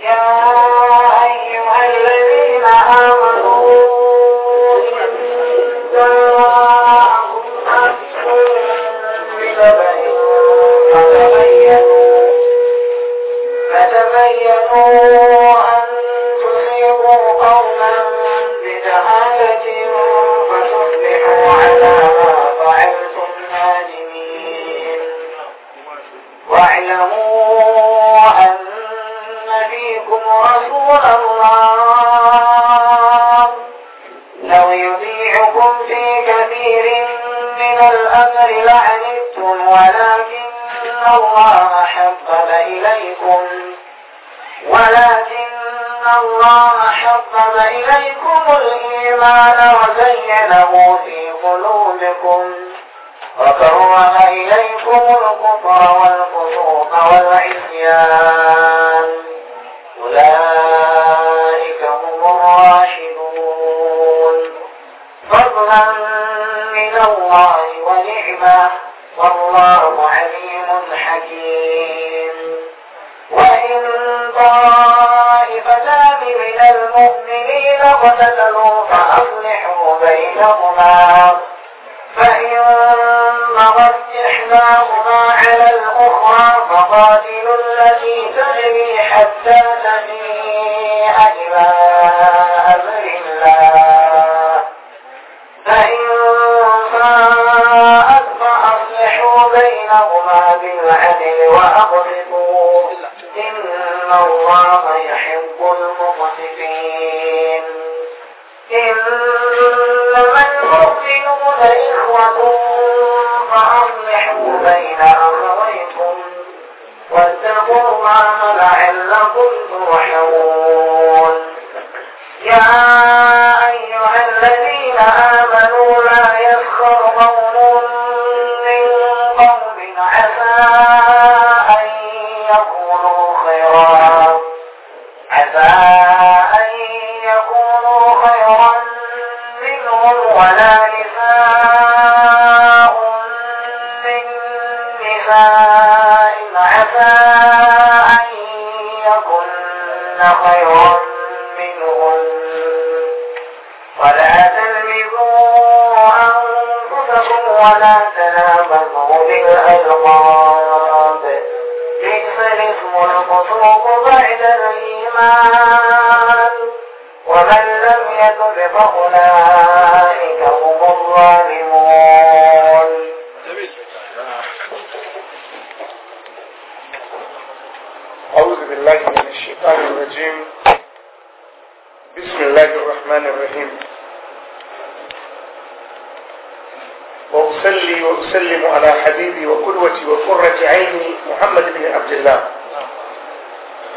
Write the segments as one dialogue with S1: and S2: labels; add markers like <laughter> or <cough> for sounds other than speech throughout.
S1: Yeah. فأولئك هم الظالمون
S2: أعوذ بالله من الشيطان الرجيم بسم الله الرحمن الرحيم وأصلي وأسلم على حبيبي وقدوتي وقرة عيني محمد بن عبد الله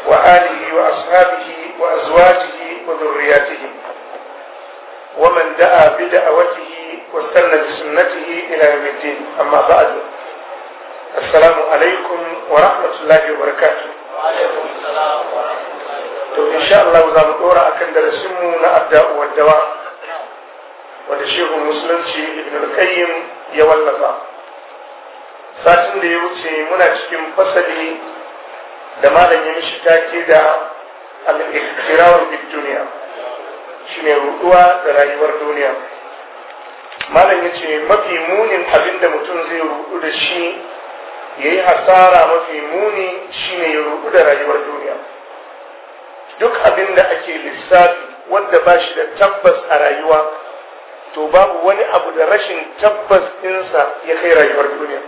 S2: وآله وأصحابه وأزواجه وذرياتهم ومن دعا بدعوته واستنى بسنته إلى يوم الدين أما بعد السلام عليكم ورحمة الله وبركاته وعليكم السلام ورحمة الله وبركاته تو شاء الله za mu dora akan darasinmu na adda'u waddawa wanda shehu musulunci ibn al-qayyim ya wallafa satin da ya wuce muna cikin fasali da malam ya mishi take da al-ikhtirar bid duniya shine ruduwa da rayuwar duniya malam ya ce mafi munin abin da mutum zai rudu da shi ya yi hasara mafi muni shine ya rudu da rayuwar duniya duk abin da ake lissafi wadda ba shi da tabbas a rayuwa to babu wani abu da rashin tabbas ɗinsa ya kai rayuwar duniya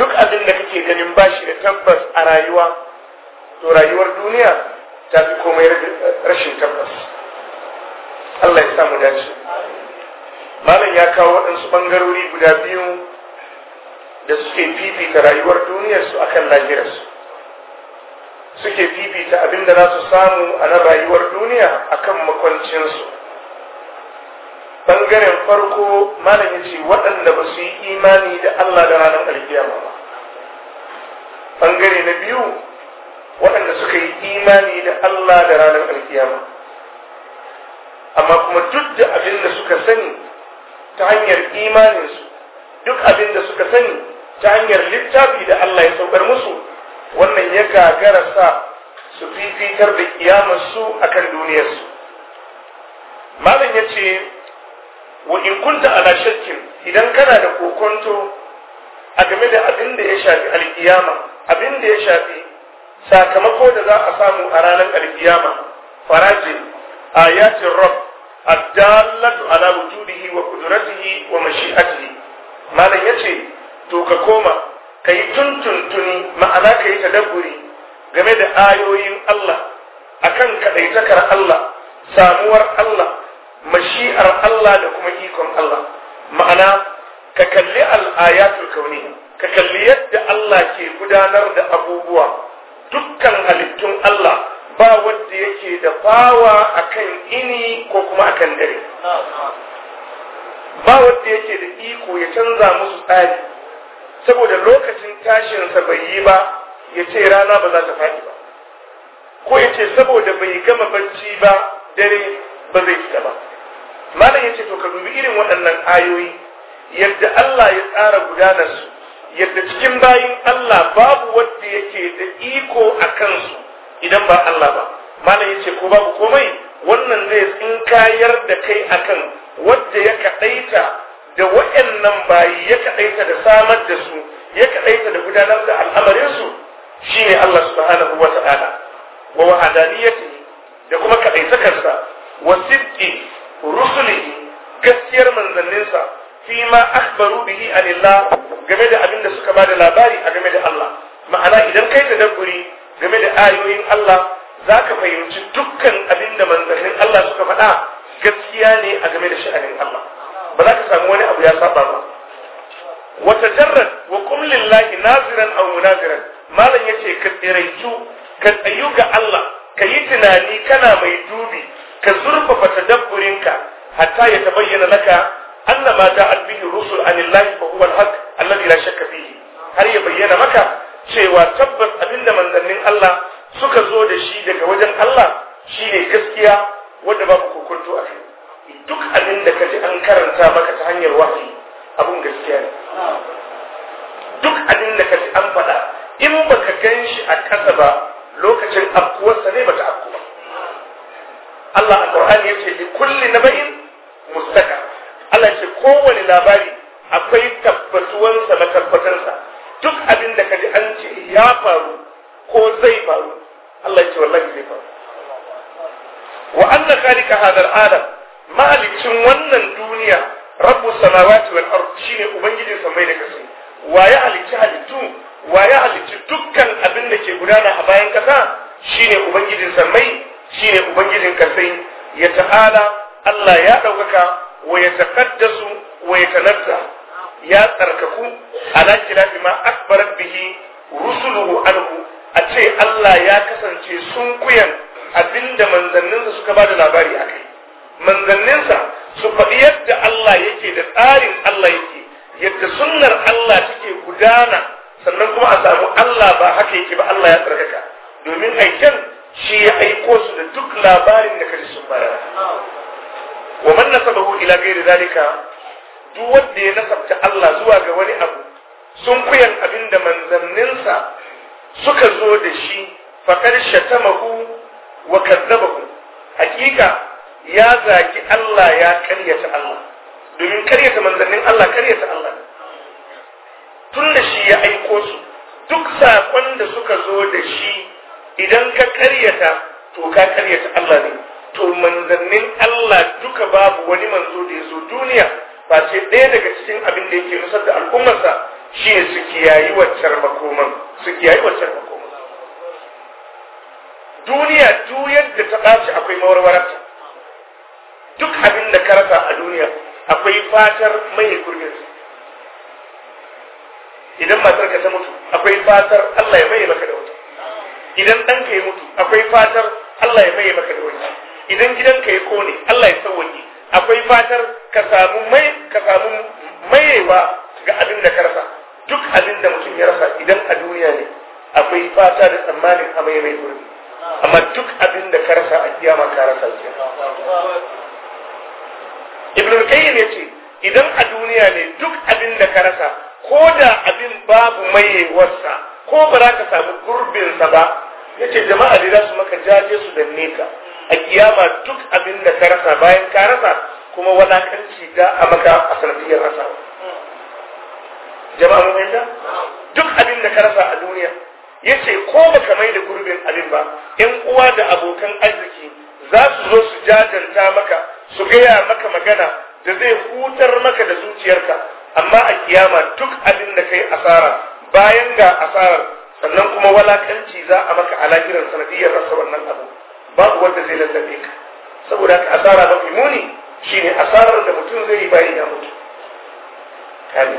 S2: duk abin da kake ganin ba shi da tabbas a rayuwa to rayuwar duniya ta fi komai rashin tabbas Allah ya samu dace malam ya kawo waɗansu ɓangarori guda biyu da suke fifita rayuwar duniyarsu akan lahirarsu suke fifita abin da za su samu a na rayuwar duniya akan makwancinsu ɓangaren farko malam ya ce waɗanda ba su yi imani da Allah da ranar alkiyama ba ɓangare na biyu waɗanda suka yi imani da Allah da ranar alkiyama amma kuma duk da abin da suka sani ta hanyar imaninsu duk abin da suka sani ta hanyar littafi da Allah ya saukar musu wannan ya gagara sa su fifitar da kiyamarsu akan duniyarsu malam ya ce wa in kunta ala shakkin idan kana da kokonto a game da abin da ya shafi alkiyama abin da ya shafi sakamako da za a samu a ranar alkiyama farajin ayatin rabb addallatu ala wujudihi wa qudratihi wa mashi'atihi malam yace to ka koma kayi tuntuntuni ma'ana kayi tadabburi game da ayoyin Allah akan kadaitakar Allah samuwar Allah mashi'ar Allah da kuma ikon Allah ma'ana ka kalli al-ayatul kauniyya ka kalli yadda Allah ke gudanar da abubuwa dukkan halittun Allah ba wanda yake da fawa akan ini ko kuma akan dare ba wanda yake da iko ya canza musu tsari saboda lokacin tashinsa bai yi ba ya ce rana ba za ta faɗi ba ko ya ce saboda bai gama bacci ba dare ba zai fita ba malam ya ce to ka dubi irin waɗannan ayoyi yadda Allah ya tsara gudanarsu yadda cikin bayin Allah babu wanda yake da iko a kansu idan ba Allah ba malam yace ko babu komai wannan zai tsinkayar da kai akan wanda ya kadaita da wayannan bayi ya kadaita da samar da su ya kadaita da gudanar da al'amarin su shine Allah subhanahu wata'ala wa wahadaniyati da kuma kadaitakarsa wa sidqi rusuli gaskiyar manzanninsa fi ma akhbaru bihi anillah game da abin da suka bada labari a game da Allah ma'ana idan kai tadabburi game da ayoyin Allah zaka fahimci dukkan abin da manzannin Allah suka faɗa gaskiya ne a game da sha'anin Allah ba za ka samu wani abu ya saba ba wa tajarrad wa qum lillahi naziran aw munaziran malam yace ka tsiraitu ka tsayu ga Allah ka yi tunani kana mai dubi ka zurfafa tadabburinka hatta ya tabayyana laka anna ma ja'at bihi rusul anillahi fa huwa al-haq alladhi la shakka fihi har ya bayyana maka cewa tabbas abinda manzannin Allah suka zo da shi daga wajen Allah shi ne gaskiya wanda babu kokonto a kai duk abin da kaji an karanta maka ta hanyar wahayi abun gaskiya ne duk abin da kaji an faɗa in baka gan shi a ƙasa ba lokacin afkuwarsa ne bata afku ba Allah a Qur'ani yace li kulli naba'in mustaqar Allah ce kowane labari akwai tabbatuwansa na tabbatarsa duk abin da kaji an ce ya faru ko zai faru Allah ce wallahi zai faru wa anna khaliqa hadal adam mahalicin wannan duniya rabbu samawati wal ard shine ubangiji samai da kasu wa ya halicci halittu wa ya halicci dukkan abin da ke gudana a bayan kasa shine ubangijin Shi shine ubangijin kasai ya ta'ala Allah ya ɗaukaka wa yataqaddasu wa ya tsarkaku ala kilafi ma akbarat bihi rusuluhu anhu a ce Allah ya kasance sun abinda manzanninsa suka ba da labari a kai manzanninsa su faɗi yadda Allah yake da tsarin Allah yake yadda sunnar Allah take gudana sannan kuma a samu Allah ba haka yake ba Allah ya tsarkaka domin aiken shi ya aiko su da duk labarin da kaji sun bayar man nasabahu ila ghairi zalika duk wanda ya nasabta Allah zuwa ga wani abu sun kuyan abinda manzanninsa suka zo da shi faqad shatamahu wa kadzabahu hakika ya zaki Allah ya karyata Allah domin karyata manzannin Allah karyata Allah tun da shi ya aiko su duk saƙon da suka zo da shi idan ka karyata to ka karyata Allah ne to manzannin Allah duka babu wani manzo da ya zo duniya ba sai ɗaya daga cikin abin da yake nusar da al'ummarsa shi ne su kiyayi waccar makoman su kiyayi waccar makoman duniya duk yadda ta ɓaci akwai mawarwararta duk abin da karasa a duniya akwai fatar mai gurbin idan matar ka ta mutu akwai fatar Allah ya mai maka da wata idan ɗanka ya mutu akwai fatar Allah ya mai maka da wata idan gidanka ya kone Allah ya sauwaje akwai fatar ka samu mai ka samu mayewa ga abin da ka rasa duk abin da mutum ya rasa idan a duniya ne akwai fata da tsammanin a mai mai gurbi amma duk abin da ka rasa a kiyama ka rasa ke Ibn Qayyim yace idan a duniya ne duk abin da ka rasa ko da abin babu mayewarsa ko ba za ka samu gurbinsa ba yace jama'a da su maka jaje su danne ka a kiyama duk abin da ka rasa bayan ka rasa kuma walakanci da a maka a sanadiyar rasa jama'a mun duk abin da ka rasa a duniya yace ko baka mai da gurbin abin ba yan uwa da abokan arziki za su zo su jajanta maka su gaya maka magana da zai hutar maka da zuciyarka amma a kiyama duk abin da kai asara bayan ga asarar sannan kuma walakanci za a maka a lahirar sanadiyar rasa wannan abu babu wanda zai lallabe ka saboda haka asara mafi muni shine asarar da mutum zai yi bayan ya mutu kani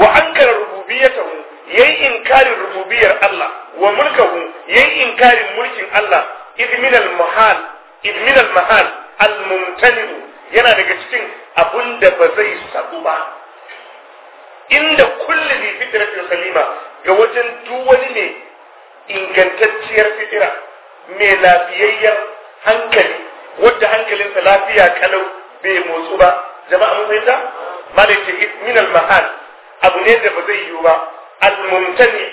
S2: wa ankara rububiyatahu yayi inkarin rububiyar Allah wa mulkahu yayi inkarin mulkin Allah idh min al mahal idh min al mahal al yana daga cikin abun da ba zai sabu ba inda kulli bi fitratin salima ga wajen duwani ne ingantacciyar fitira mai lafiyayyen hankali wadda hankalinsa lafiya kalau bai motsu ba jama'a mun fahimta malaita min al-mahal abu ne da ba zai yiwu ba al-mumtani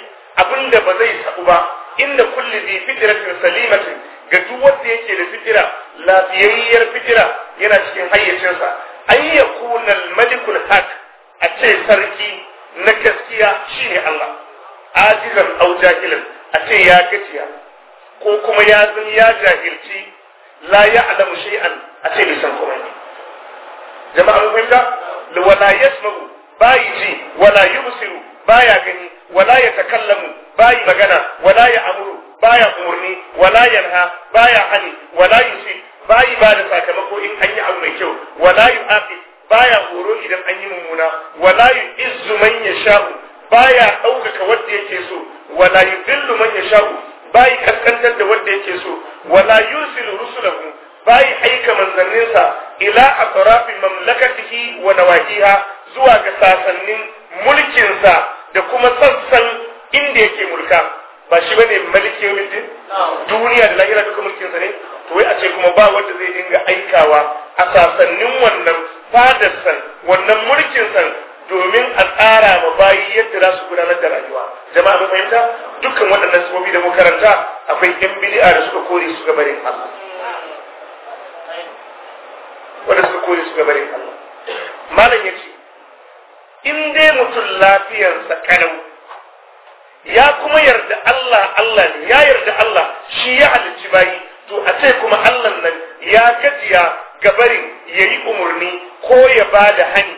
S2: abin da ba zai sabu ba inda kulli bi fitratin salimatin ga duk wanda yake da fitira lafiyayyar fitira yana cikin hayyacinsa ay yakuna al-malikul haq a ce sarki na gaskiya shine Allah ajizan aw jahilan a ce ya gajiya ko kuma ya zan ya jahilci la ya alamu shay'an a ce bisan komai jama'a mun fahimta wala yasma'u bayi ji wala yubsiru baya gani wala ya takallamu bayi magana wala ya amuru baya umurni wala yanha baya hani wala yusi bayi ba da sakamako in an yi abu mai kyau wala yu'aqi baya horo idan an yi mummuna wala yu'izzu man yasha baya ɗaukaka wanda yake so wala yudillu man yasha'u bai kaskantar da wanda yake so wala yusilu rusulahu bai aika manzanninsa ila atrafi mamlakatihi wa nawahiha zuwa ga sasannin sa da kuma sassan inda yake mulka ba shi bane maliki yawmiddin duniya da lahira duka sa ne to wai a ce kuma ba wanda zai dinga aikawa a sasannin wannan fadarsan wannan mulkin sa domin a tsara ma bayi yadda za su gudanar da rayuwa jama'a ba fahimta dukkan waɗannan sifofi da karanta akwai ɗan bid'a da suka kore su gabarin Allah wanda suka kore su gabarin Allah malam in dai mutum lafiyarsa kanau ya kuma yarda Allah Allah ne ya yarda Allah shi ya halicci bayi to a ce kuma Allah nan ya gajiya gabarin ya yi umurni ko ya bada hani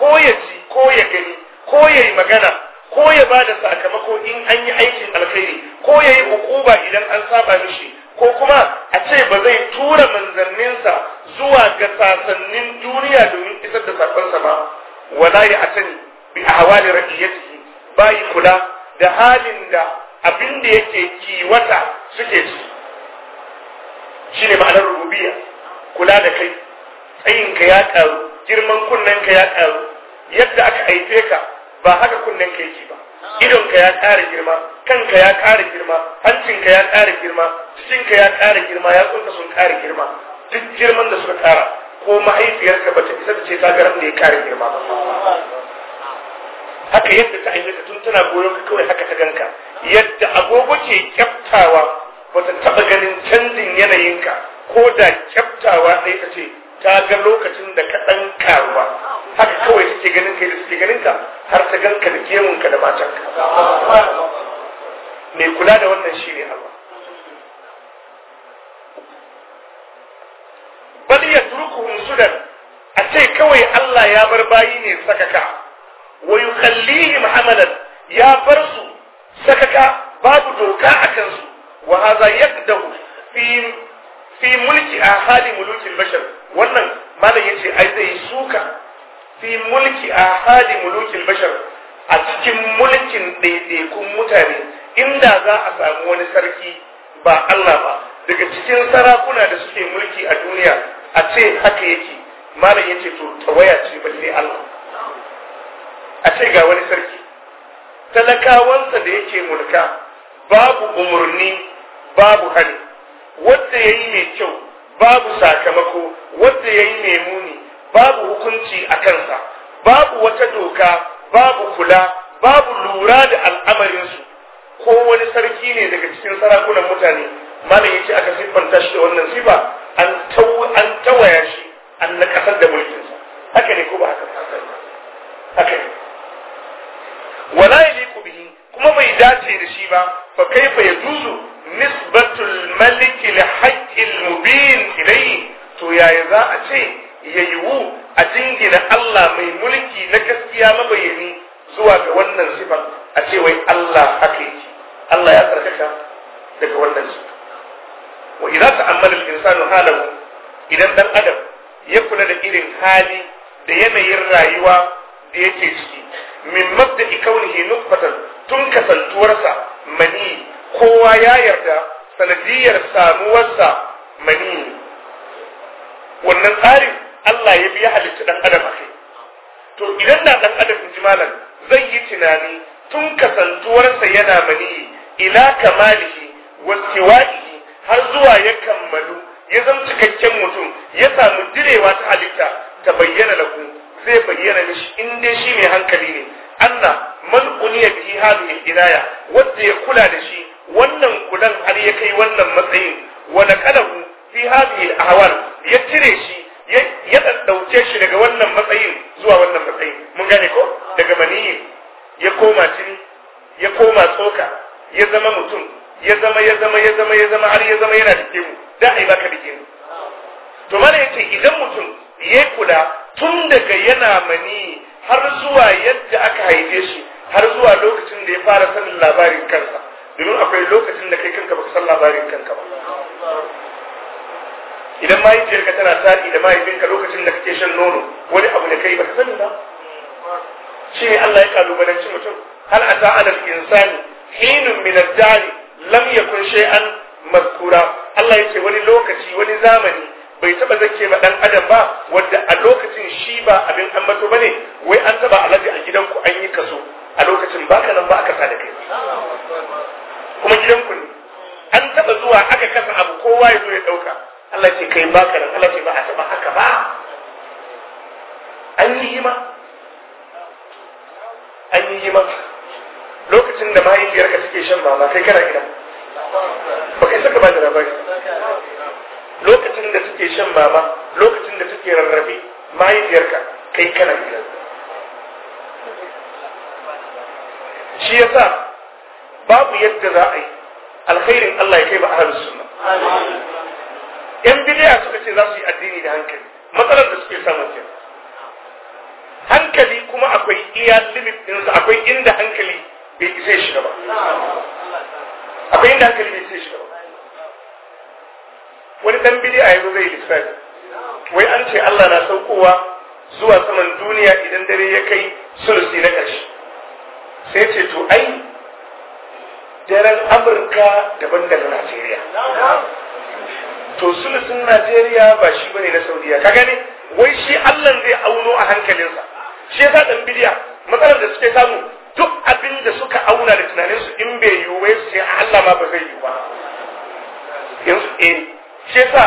S2: ko ya ci ko ya gani ko ya yi magana ko ya ba da sakamako in an yi aikin alkhairi ko ya yi hukuba idan an saba mishi ko kuma a ce ba zai tura manzanninsa zuwa ga sasannin duniya domin isar da sakonsa ba wala ya atani bi ahwali ba bai kula da halin da abin da yake kiwata suke ci shine ma'anar rububiyya kula da kai tsayinka ya karu girman kunnen ya karu yadda aka haife ka ba haka kunnen ka yake ba idonka ya ƙara girma kanka ya ƙara girma hancinka ya ƙara girma cikinka ya ƙara girma ya kunta sun ƙara girma duk girman da suka kara, ko mahaifiyarka ba ta isa ce ta garan da ya ƙara girma ba haka yadda ta ka tun tana goyon ka kawai haka ta ganka yadda agogo ke kyaftawa ba ta taɓa ganin canjin yanayinka ko da kyaftawa ɗaya ta ce ta ga lokacin da ka ɗan karuwa haka kawai suke ganin kai da suke ganin ka har ta ganka da gemunka da matanka mai kula da wannan shi ne Allah bal ya turkuhum sudan a ce kawai Allah ya bar bayi ne sakaka wa yukhallihim amalan ya bar su sakaka babu doka a kansu wa hadha yaqdahu fi fi mulki ahali mulkin bashar wannan malam yace ai zai suka fi mulki a hadi mulkin bashar a cikin mulkin ɗaiɗaikun mutane inda za a samu wani sarki ba Allah ba daga cikin sarakuna da suke mulki a duniya a ce haka yake malam yace to tawaya ce ba balle Allah a ce ga wani sarki talakawansa da yake mulka babu umarni babu hari wanda yayi mai kyau babu sakamako wanda yayi mai muni babu hukunci a kansa babu wata doka babu kula babu lura da al'amarinsu ko wani sarki ne daga cikin sarakunan mutane malam ce aka siffanta shi da wannan sifa an tawaya shi an na kasar da mulkinsa haka ne ko ba haka haka ne wala yaliqu bihi kuma bai dace da shi ba fa kaifa yajuzu nisbatul malik li haqqil mubin ilayhi to yaya za a ce ya yiwu a jingina Allah mai mulki na gaskiya mabayani zuwa ga wannan sifar a ce wai Allah haka yake Allah ya tsarkaka daga wannan sifa wa idza ta'ammala al-insanu halahu idan dan adam ya kula da irin hali da yanayin rayuwa da yake ciki min mabda'i kaunihi nutfatan tun kasantuwarsa mani kowa ya yarda sanadiyar samuwarsa mani wannan tsarin Allah ya biya halitta ɗan adam kai. to idan na ɗan adam in ji malam zai yi tunani tun kasantuwarsa yana mani ila kamalihi wastiwa'ihi har zuwa ya kammalu ya zama cikakken mutum ya samu direwa ta halitta ta bayyana lahu zai bayyana mishi in dai shi mai hankali ne anna man uniya bihi hadhihi ilaya wanda ya kula da shi wannan kulan har ya kai wannan matsayin wa naqalahu fi hadhihi ahwal ya cire shi ya ɗauke shi daga wannan matsayin zuwa wannan matsayin mun gane ko daga maniyin ya koma jini ya koma tsoka ya zama mutum ya zama ya zama ya zama ya zama har ya zama yana da kemu da a yi baka da kemu to mana ce idan mutum ya kula tun daga yana mani har zuwa yadda aka haife shi har zuwa lokacin da ya fara sanin labarin kansa domin akwai lokacin da kai kanka baka san labarin kanka ba idan mahaifiyarka tana sa'i da mahaifinka lokacin da kake shan nono wani abu da kai baka sani ba shi ne Allah ya kalubalanci mutum hal ata alal insani hinun min ad-dari lam yakun shay'an mazkura Allah ya ce wani lokaci wani zamani bai taba zake ma dan adam ba wanda a lokacin shi ba abin ba bane wai an taba alaji a gidanku an yi kaso a lokacin baka nan ba aka sa da kai kuma ku ne an taba zuwa aka kasa abu kowa ya zo ya dauka Allah ce kai ba ka Allah ce ba a taɓa haka ba an yi hima an yi hima lokacin da mahaifiyarka take shan mama kai kana gida ba kai saka ba da labari lokacin da suke shan mama lokacin da suke rarrabe mahaifiyarka kai kana gida shi yasa babu yadda za a yi alkhairin Allah ya kai ba ahlus sunna yan bidiya suka ce za su yi addini da hankali matsalar da suke samun ke hankali kuma akwai iya limit ɗinsa akwai inda hankali bai isa shiga ba akwai inda hankali bai isa shiga ba wani dan bidiya yanzu zai lissafi wai an ce Allah na saukowa zuwa saman duniya idan dare ya kai sulusi na ƙarshe sai ce to ai daren Amurka daban daga Najeriya to sulusun Najeriya ba shi bane na Saudiya ka gani wai shi Allah zai auno a hankalinsa shi yasa dan bidiya matsalar da suke samu duk abin da suka auna da tunaninsu in bai yiwu wai su ce Allah ma ba zai yiwu ba yanzu eh shi yasa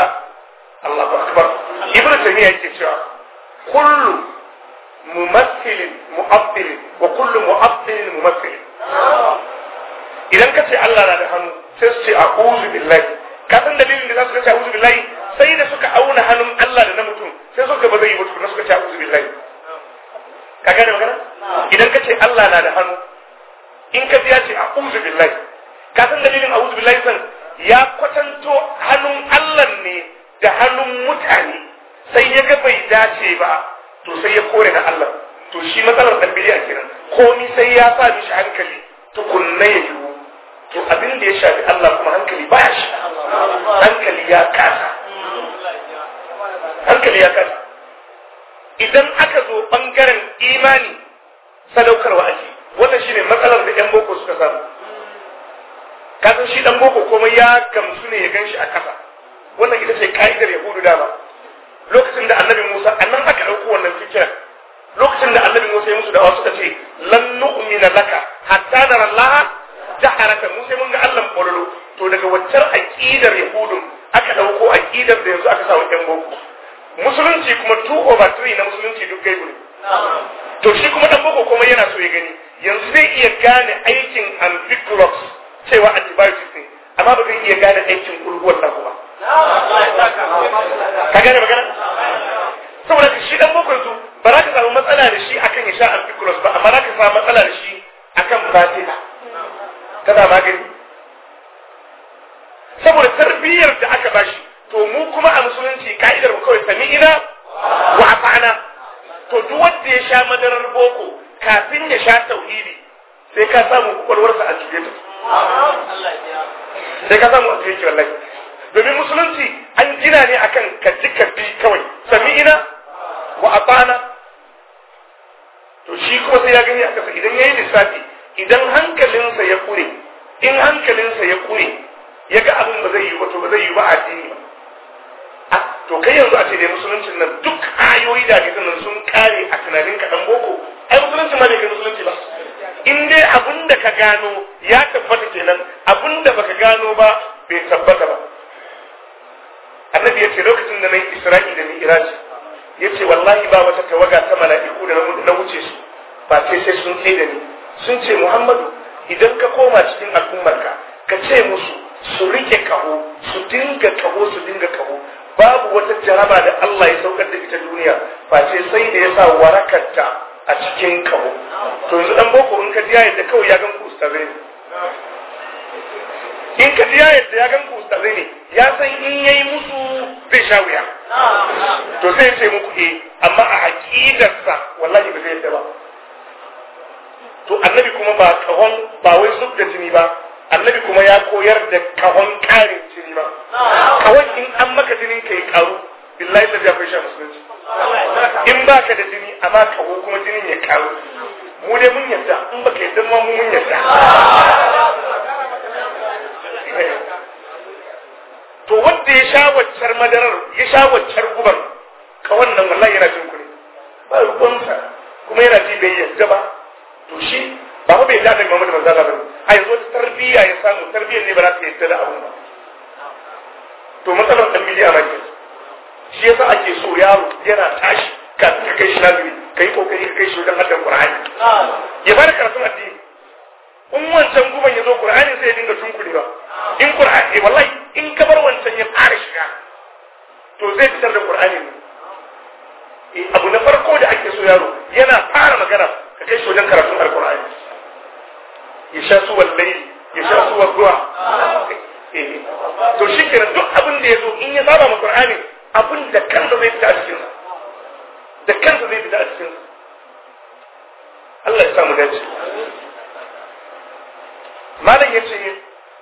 S2: Allah akbar Ibn Taymiyyah yake cewa kullu mumathilin mu'abbilin wa kullu mu'abbilin mumathilin idan ka ce Allah na da hannu sai su ce a'udhu billahi ka san dalilin da za su ga ta'awuzu billahi sai da suka auna hannun Allah da na mutum sai suka ba zai yi mutum suka ta'awuzu billahi ka gane magana idan ka ce Allah na da hannu in ka ji ya ce a'udhu billahi ka san dalilin a'udhu billahi san ya kwatanto hannun Allah ne da hannun mutane sai ya ga bai dace ba to sai ya kore na Allah to shi matsalar dalbiliya kenan komi sai ya sa mishi hankali tukunna ya yiwu to abin da ya shafi Allah kuma hankali ba ya shi hankali ya kasa hankali ya kasa idan aka zo bangaren imani sadaukarwa ake wannan shine matsalar da yan boko suka samu kasan shi dan boko komai ya gamsu ne ya ganshi a kasa wannan ita ce ka'idar yahudu dama lokacin da annabi musa annan aka ɗauko wannan fikira lokacin da annabi musa ya musu da'awa suka ce lan nu'mina laka hatta nara Allah jaharata mu sai mun ga Allah kololo to daga waccar aqidar yahudun aka dauko aqidar da yanzu aka sa wajen boko musulunci kuma 2 over 3 na musulunci duk kai ne to shi kuma dan boko kuma yana so ya gani yanzu zai iya gane aikin ambicrox cewa antibiotics ne amma ba zai iya gane aikin kulguwar ta kuma ka gane magana saboda shi dan boko yanzu ba za ka samu matsala da shi akan ya sha ambicrox ba amma za ka samu matsala da shi akan fatina tana magani saboda tarbiyyar da aka bashi to mu kuma a musulunci ka'idar mu kawai sami'ina wa afa'ana to duk wanda ya sha madarar boko kafin ya sha tauhidi sai ka samu kwakwalwarsa a cikin ta sai ka samu a cikin wallahi domin musulunci an gina ne akan ka ji ka bi kawai sami'ina wa afa'ana to shi kuma sai ya gani a kasa idan yayi lissafi idan hankalinsa ya kure in hankalinsa ya kure ya ga abin ba zai yi ba to ba zai yi ba a addini ba to kai yanzu a ce dai musuluncin nan duk ayoyi da hadisan nan sun kare a tunanin ka dan boko ai musulunci ma bai kai musulunci ba in dai abin da ka gano ya tabbata kenan abin da baka gano ba bai tabbata ba annabi ya ce lokacin da na yi isra'i da ni iraji ya ce wallahi ba wata tawaga ta mala'iku da na wuce su ba sai sai sun tsaye da ni sun ce muhammadu idan ka koma cikin al'ummarka ka ce musu su rike kaho su dinga kaho su dinga kaho babu wata jaraba da Allah ya saukar da ita duniya ce sai da ya sa warakarta a cikin kaho to yanzu dan boko in ka ji da kawai ya gan ku ustaze ne in ka ji da ya gan ku ustaze ne ya san in yayi musu zai sha wuya to sai ya ce muku eh amma a haƙiƙarsa wallahi ba zai yadda ba to annabi kuma ba kahon ba wai zub da jini ba annabi kuma ya koyar da kahon karin jini ba kawai in an maka jinin ka yi karu billahi da akwai sha musulunci in ba ka da jini amma kaho kuma jinin ya karu mu dai mun
S1: yarda in baka yarda ma mu mun
S2: yarda to wanda ya sha waccar madarar ya sha waccar gubar ka wannan wallahi yana jin kuri ba ruwansa kuma yana ji bai yarda ba to shi ba fa bai da annabi Muhammad manzo Allah bane a yanzu wata tarbiyya ya samu tarbiyyar ne ba za ta yi ta da abun ba to matsalar dan bidiya ma ke shi yasa ake so yaro yana tashi ka kai shi nazari kai kokari kai shi wajen haddan ƙur'ani. ya fara karatun addini in wancan guban ya zo ƙur'ani sai ya dinga ba. in ƙur'ani, Qur'ani eh, wallahi in ka bar wancan ya fara shiga to zai fitar da ƙur'ani. Qur'ani eh, abu na farko da ake so yaro yana fara magana ka kai shi wajen karatun alkur'ani ya sha su wallahi ya sha su wadduwa eh, to shi kenan duk abin da ya zo in ya saba ma qur'ani abin da kansa zai fita a cikin da kansa zai fita a cikin Allah ya samu dace malam yace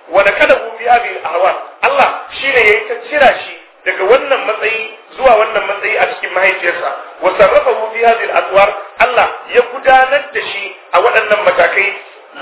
S2: wa kada hu bi abi ahwa Allah shine yayi ta cira shi daga wannan matsayi zuwa wannan matsayi a cikin mahaifiyarsa wa sarrafa hu bi hadhihi al-atwar Allah ya gudanar da shi a waɗannan matakai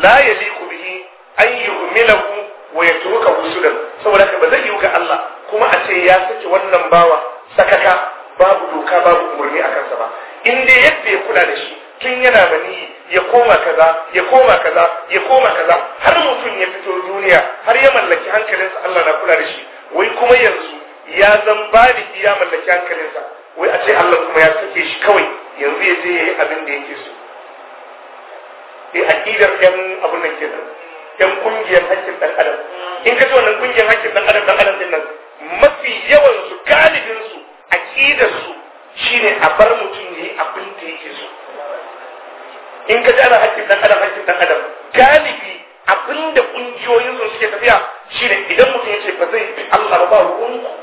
S2: la ku bihi an milahu wa yatruka da saboda ka ba zai yi ga Allah kuma a ce ya saki wannan bawa sakaka babu doka babu umarni a kansa ba in dai yadda ya kula da shi tun yana ni ya koma kaza ya koma kaza ya koma kaza har mutum ya fito duniya har ya mallaki hankalinsa Allah na kula da shi wai kuma yanzu ya zan baligi iya mallaki hankalinsa wai a ce Allah kuma ya sake shi kawai yanzu ya je ya yi abin da yake so da aƙidar ɗan abin nan nan ɗan ƙungiyar haƙƙin ɗan adam in ka ji wannan ƙungiyar haƙƙin ɗan adam ɗan adam ɗin nan mafi yawan su galibin su aƙidar su shine a bar mutum ya yi abin da yake so in ka ji ana haƙƙin ɗan adam haƙƙin ɗan adam galibi abin da ƙungiyoyin su suke tafiya shine idan mutum ya ce ba zai bi Allah ba ba ku.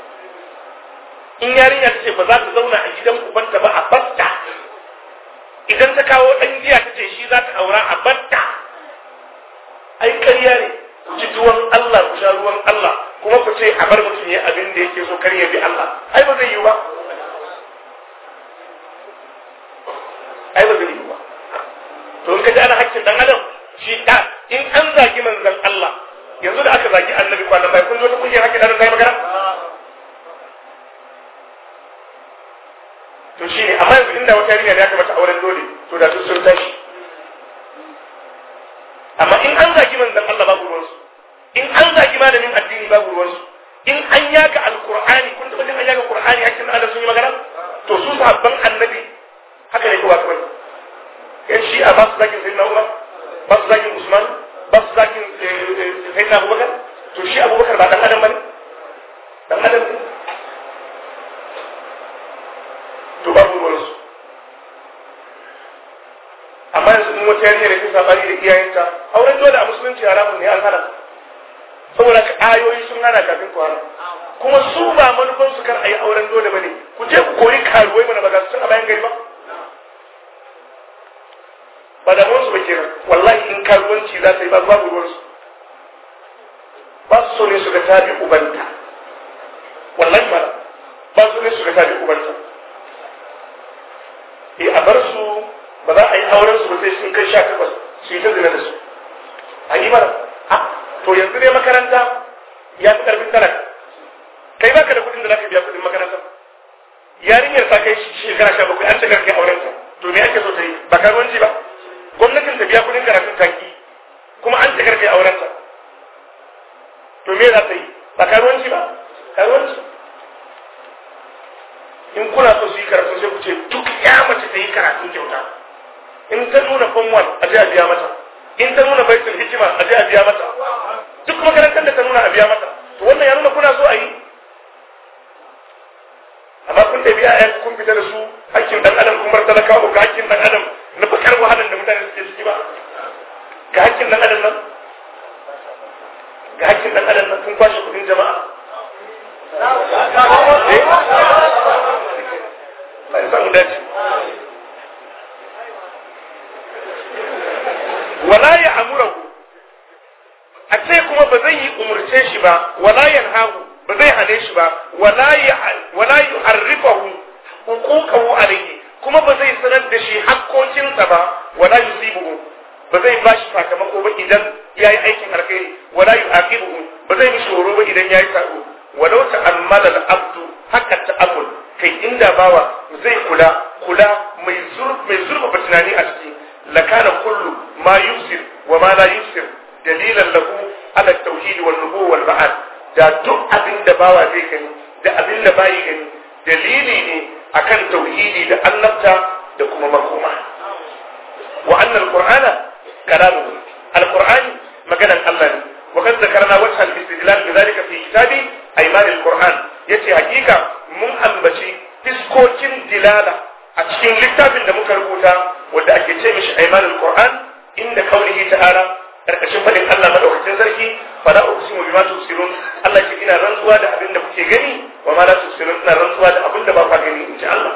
S2: in yarinya ta ce ba za ta zauna a gidan ubanta ba a batta idan ta kawo ɗan giya ta ce shi za ta aura a batta ai ƙarya ne ku ci duwan Allah ku sha ruwan Allah kuma ku ce a bar mutum ya abin da yake so karya ya bi Allah ai ba zai yi ba ai ba zai yi ba to in ka ji ana hakkin dan adam shi da in an zagi manzon Allah yanzu da aka zagi annabi kwanan bai kun zo ta kungiyar hakkin dan adam zai magana to shi ne amma yanzu inda wata yarinya ne aka mata auren dole to da duk sun tashi amma in an zagi manzon Allah babu ruwansu in an zagi malamin addini babu ruwansu in an yaga alqur'ani kun taba jin an yaga qur'ani hakkin Allah sun yi magana to su sahabban annabi haka ne kowa kawai yan shi a basu zakin sayyidina Umar basu zakin Usman basu zagin eh, eh, sayyidina Abubakar to shi Abubakar ba dan adam bane dan adam ne Mutane yarinya da ta sabani da iyayenta auren dole a musulunci haramun ne an hana saboda ayoyi sun hana kafin ku haram kuma su ba manufan su kar a yi auren dole bane ku je ku koyi karuwai mana ba sun su a bayan gari ba ba da ruwansu ba ke nan. wallahi in karuwanci za ta yi ba babu ruwansu ba su so ne su ga tabi ubanta wallahi ba ba su ne su ga tabi ubanta e a bar su ba za a yi auren su sai sun kai sha takwas su yi ta zina da su a yi a to yanzu ne makaranta ya fi karfin talaka kai baka da kudin da zaka biya kudin makaranta yarinyar ta kai shekara sha bakwai an ta kai auren ta to me ake so ta yi ba karuwanci ba gwamnatin ta biya kudin karatun ta ki kuma an ta kai auren ta to me za ta yi ba karuwanci ba karuwanci in kuna so su yi karatu sai ku ce duk ya mace ta yi karatu kyauta in ta nuna fanwal a je a biya mata in ta nuna baitul hikima a je a biya mata duk makarantar da ta nuna a biya mata to wannan ya nuna kuna so a yi amma kun ɗabi a yanku kun fita da su hakkin ɗan adam kun bar talakawa ga hakkin ɗan adam na bakar wahalar da mutane suke ciki ba ga hakkin ɗan adam nan ga hakkin ɗan adam nan kun kwashe kuɗin jama'a eh? samu dace. walaya amurahu a ce kuma ba zai yi umurce shi ba wala hagu ba zai hane shi ba walayu ya hukukahu alayhi kuma ba zai sanar da shi hakkokinsa ba walayu yusibuhu ba zai ba shi sakamako ba idan ya yi aikin alkhairi wala yu'aqibuhu ba zai mishi horo ba idan ya yi sako walau ta'ammala al-abdu haka ta'ammul kai inda bawa zai kula kula mai zurfafa tunani a ciki لكان كل ما يبصر وما لا يبصر دليلا له على التوحيد والنبوة والبعث دا دو أبن دباوة ديكن دا أبن دبايكن دليلين اكان توحيدي دا أنبتا دا كما مكوما وأن القرآن كلامه القرآن مكان الألم وقد ذكرنا وجها باستدلال بذلك في كتابي أيمان القرآن يتي حقيقة مهم بشي تسكوتين دلالة a cikin littafin da muka rubuta wanda ake ce mishi aimanul qur'an inda kaulihi ta'ala karkashin fadin Allah madaukakin sarki fala uqsimu bima tusirun Allah ce ina rantsuwa da abin da kuke gani wa ma la tusirun ina rantsuwa da abin da ba ku gani insha Allah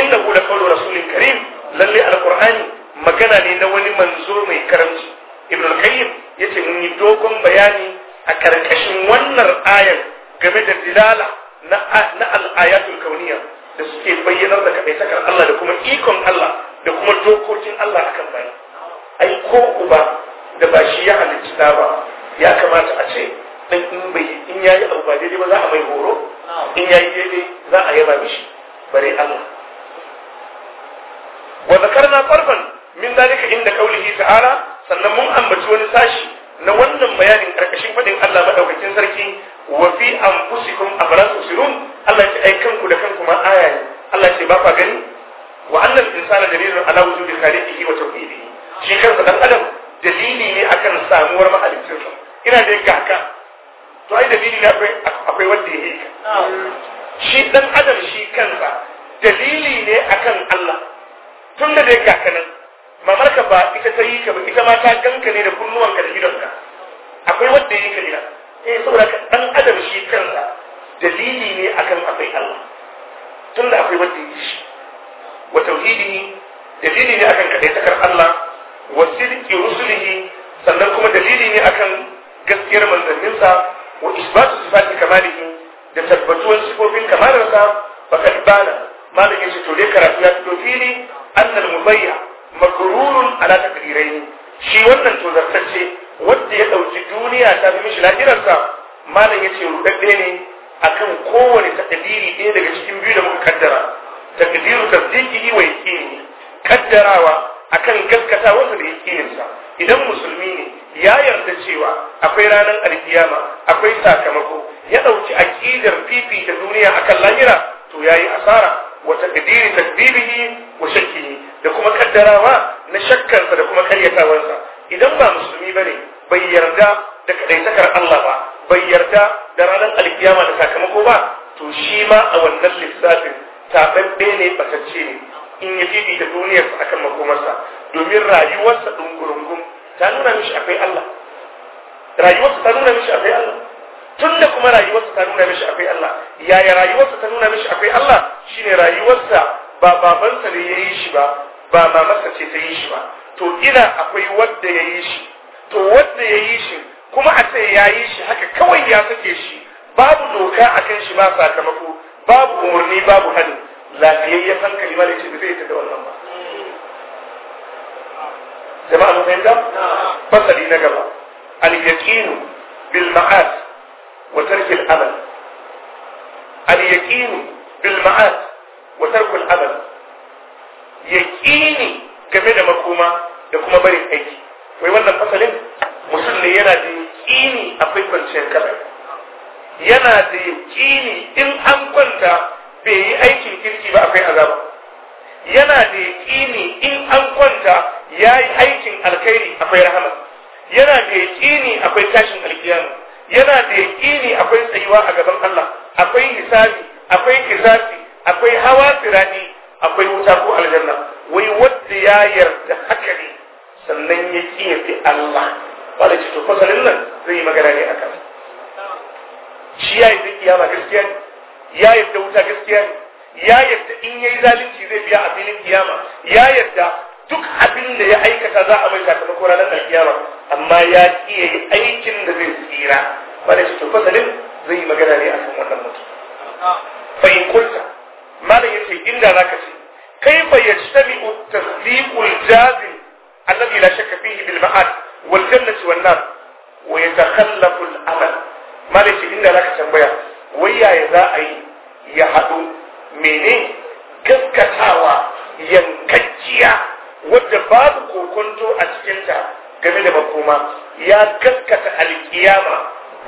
S2: inna la qawlu rasulin karim lalle alqur'ani magana ne na wani manzo mai karamci ibn al-qayyim yace mun yi dogon bayani a karkashin wannan ayan game da dilala na na al-ayatul kauniyah da suke bayyanar da kaɗaitakar Allah da kuma ikon Allah da kuma dokokin Allah akan bayi ai ko uba da ba shi ya halicci da ba ya kamata a ce dan in bai in abu ba daidai ba za a mai horo in yayi daidai za a yaba mishi bare Allah wa zakarna farfan min dalika inda qaulihi ta'ala sannan mun ambaci wani sashi na wannan bayanin karkashin faɗin Allah maɗaukakin sarki wa fi anfusikum afala tusirun Allah ce ai kanku da kanku ma aya ne Allah ce ba fa gani wa annal insana dalilun ala wujudi khaliqihi wa tawhidihi shi kansa dan adam dalili ne akan samuwar mahaliccinsa ina da yanka haka to ai dalili ne akwai akwai wanda ya yi shi dan adam shi kansa dalili ne akan Allah tun da yake haka nan mamarka ba ita ta yi ka ba ita ma ta ganka ne da kunnuwanka da idonka akwai wanda ya yi ka ne eh saboda dan adam shi kansa dalili ne akan akwai Allah tun da akwai wanda yi shi wa tauhidi dalili ne akan kadaitakar Allah wa sidqi rusulihi sannan kuma dalili ne akan gaskiyar manzanninsa wa isbatu sifati kamalihi da tabbatuwar sifofin kamalarsa faqad bana malam yace to dai karatu ya fito fili annal mubayya magrurun ala takdirai shi wannan to zartacce wanda ya dauki duniya ta fi mishi lahirarsa malam yace rudadde ne akan kowane takdiri ɗaya daga cikin biyu da muka kaddara takdiru tasdiqihi wa yakini kaddarawa akan gaskata wanda da yakininsa idan musulmi ne ya yarda cewa akwai ranar alkiyama akwai sakamako ya ɗauki aƙidar fifita duniya akan lahira to yayi asara wa takdiri takdibihi wa shakkihi da kuma kaddarawa na shakkarsa da kuma karyatawarsa idan ba musulmi bane bai yarda da kadaitakar Allah ba bai yarda da ranar alkiyama da sakamako ba to shi ma a wannan lissafin taɓaɓɓe ne batacce ne in ya fifita duniyarsa akan makomarsa domin rayuwarsa ɗungurungun ta nuna mishi akwai Allah rayuwarsa ta nuna mishi akwai Allah tun da kuma rayuwarsa ta nuna mishi akwai Allah yaya rayuwarsa ta nuna mishi akwai Allah shine rayuwarsa ba babansa ne ya yi shi ba ba mamarsa ce ta yi shi ba to ina akwai wadda ya yi shi to wadda ya yi shi kuma a ce yayi shi haka kawai ya sake shi babu doka akan shi ba sakamako babu umarni babu hadin lafiyayyen hankali ma da ce da zai ta da wannan ba jama'a mun fahimta fasali na gaba al-yaqinu bil ma'at wa tarki al-amal al-yaqinu bil ma'at wa tarki al-amal yaqini game da makoma da kuma barin aiki wai wannan fasalin musulmi yana da yaƙini akwai kwanciyar yana da yaƙini in an kwanta bai yi aikin kirki ba akwai azaba yana da yaƙini in an kwanta ya yi aikin alkhairi akwai rahama yana da yaƙini akwai tashin alkiyama yana da yaƙini akwai tsayuwa a gaban Allah akwai hisabi akwai kisasi akwai hawa sirani akwai wuta ko aljanna wai wanda ya yarda haka ne sannan ya ƙi Allah ba da ce to fasalin nan zai yi magana ne a kan shi ya yi kiyama gaskiya ne ya yarda wuta gaskiya ne ya yarda in ya yi zalunci zai biya a filin kiyama ya yarda duk abin da ya aikata za a mai sakamako ranar kiyama? amma ya iya yi aikin da zai tsira ba da ce to fasalin zai yi magana ne a kan wannan mutum fa in kulta malam yace inda zaka ce kaifa yajtami'u tasdiqul jazim alladhi la shakka fihi bil ma'ad wal jannati wan nar wa yatakhallafu al amal malaci inda zaka tambaya Wai wayaye za a yi ya haɗu mene gaskatawa yankacciya wadda babu kokonto a cikinta game da makoma ya gaskata alkiyama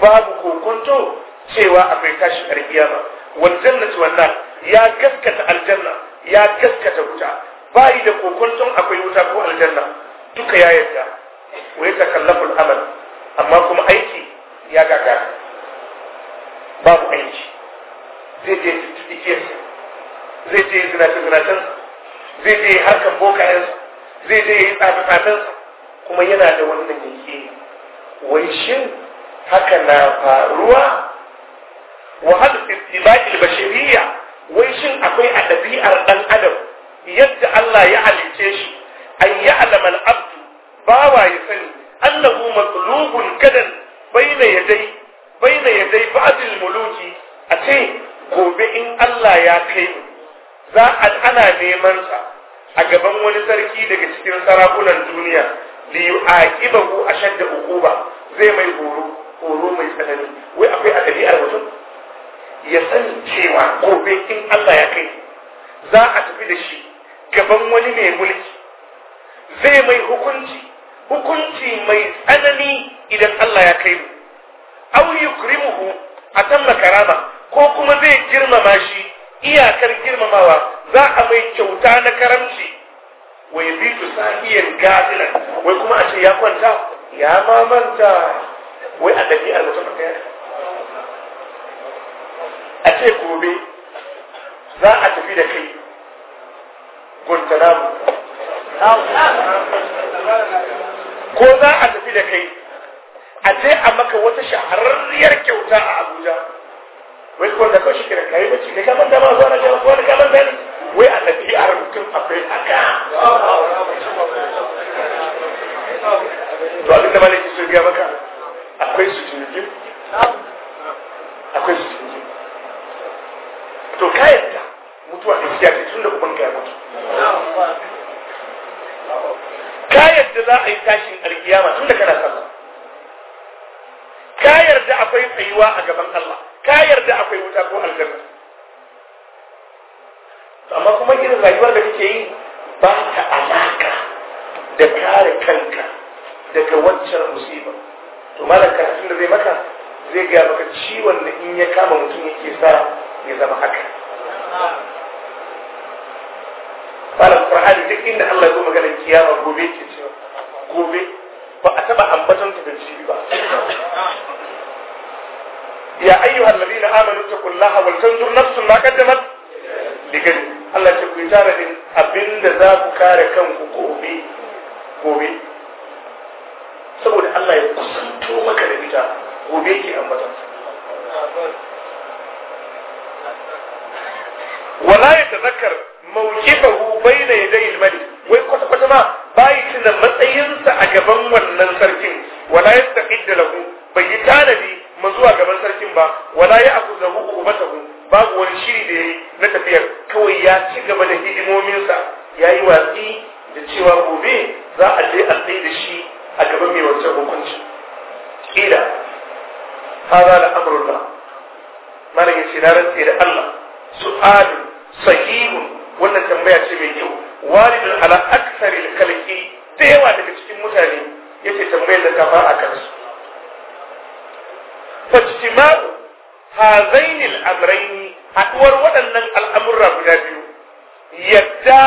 S2: babu kokonto cewa akwai tashi alkiyama wajen na wannan ya gaskata aljanna ya gaskata wuta bayi da kokonton akwai wuta ko aljanna duka ya yarda Wai yatakallafu amal amma kuma aiki ya gaga babu aiki zai je titikiyar zai je zinace zinacen zai je harkan bokayen zai je yi tsafi tsafin kuma yana da wannan yake wai shin haka na faruwa wa hal istibaqil bashariyya wai shin akwai a ɗabi'ar ɗan adam yadda Allah ya halice shi an ya alamal abdu bawa ya sani annahu matlubun kadan baina yadai baina yadai ba'dil muluki a ce gobe in Allah ya kai za a ana neman sa a gaban wani sarki daga cikin sarakunan duniya li yu'aqibahu ashadda uquba zai mai horo horo mai tsanani wai akwai a ɗabi'ar mutum ya sani cewa gobe in Allah ya kai za a tafi da shi gaban wani mai mulki zai mai hukunci hukunci mai tsanani idan Allah ya kai mu aw a kan makarama ko kuma zai girmama shi iyakar girmamawa za a mai kyauta na karamci wa yabitu sahiyan gafila wai kuma a ce ya kwanta ya mamanta wai a dabi'ar mutum a ce gobe za a tafi da kai guantanamo ko za a tafi da kai a je a maka wata shahararriyar kyauta a Abuja wai ko da kawai shi kira kai bace ne kaman da ba zo na ga ko da kaman da wai a tafi a rubutun a ka? to abin da malaki sun biya maka akwai su tunjin akwai su tunjin to kayan mutuwa da ta tun da kuma ka ya mutu ka yarda za a yi tashin alkiyama tun da kana sallah ka yarda akwai tsayuwa a gaban Allah ka yarda akwai wuta ko aljanna amma kuma irin rayuwar da kake yi ba ta alaka da kare kanka daga waccan musiba to malam karatun da zai maka zai gaya maka ciwon da in ya kama mutum yake sa ya zama haka duk inda Allah ya zo maganar kiyama gobe ke cewa gobe ba a taba ambaton ta da jibi ba ya ayyuhal ladina amanu taqullaha wal tanzur nafsun ma qaddamat ligan Allah ce ku yi taradin abinda za ku kare kanku gobe gobe saboda Allah ya kusanto maka da ita gobe ke ambaton wala ya tazakkar mawkifahu bayna yaday al-malik wai kwata kwata ma bai tuna matsayinsa a gaban wannan sarkin wala yastaqid lahu bai yi tanadi ma zuwa gaban sarkin ba wala ya akuzahu ubatahu babu wani shiri da yayi na tafiyar kawai ya ci gaba da hidimominsa yayi watsi da cewa gobe za a je a tsaye da shi a gaban mai wancan hukunci ila hada da amurka mana ya ce na rantse da Allah su'alu sahihun wannan tambaya ce mai kyau walidun ala aksaril kalki da yawa daga cikin mutane ce tambayar da kafa a kansu fajtima'u hazaini al'amraini haɗuwar waɗannan al'amurra guda biyu yadda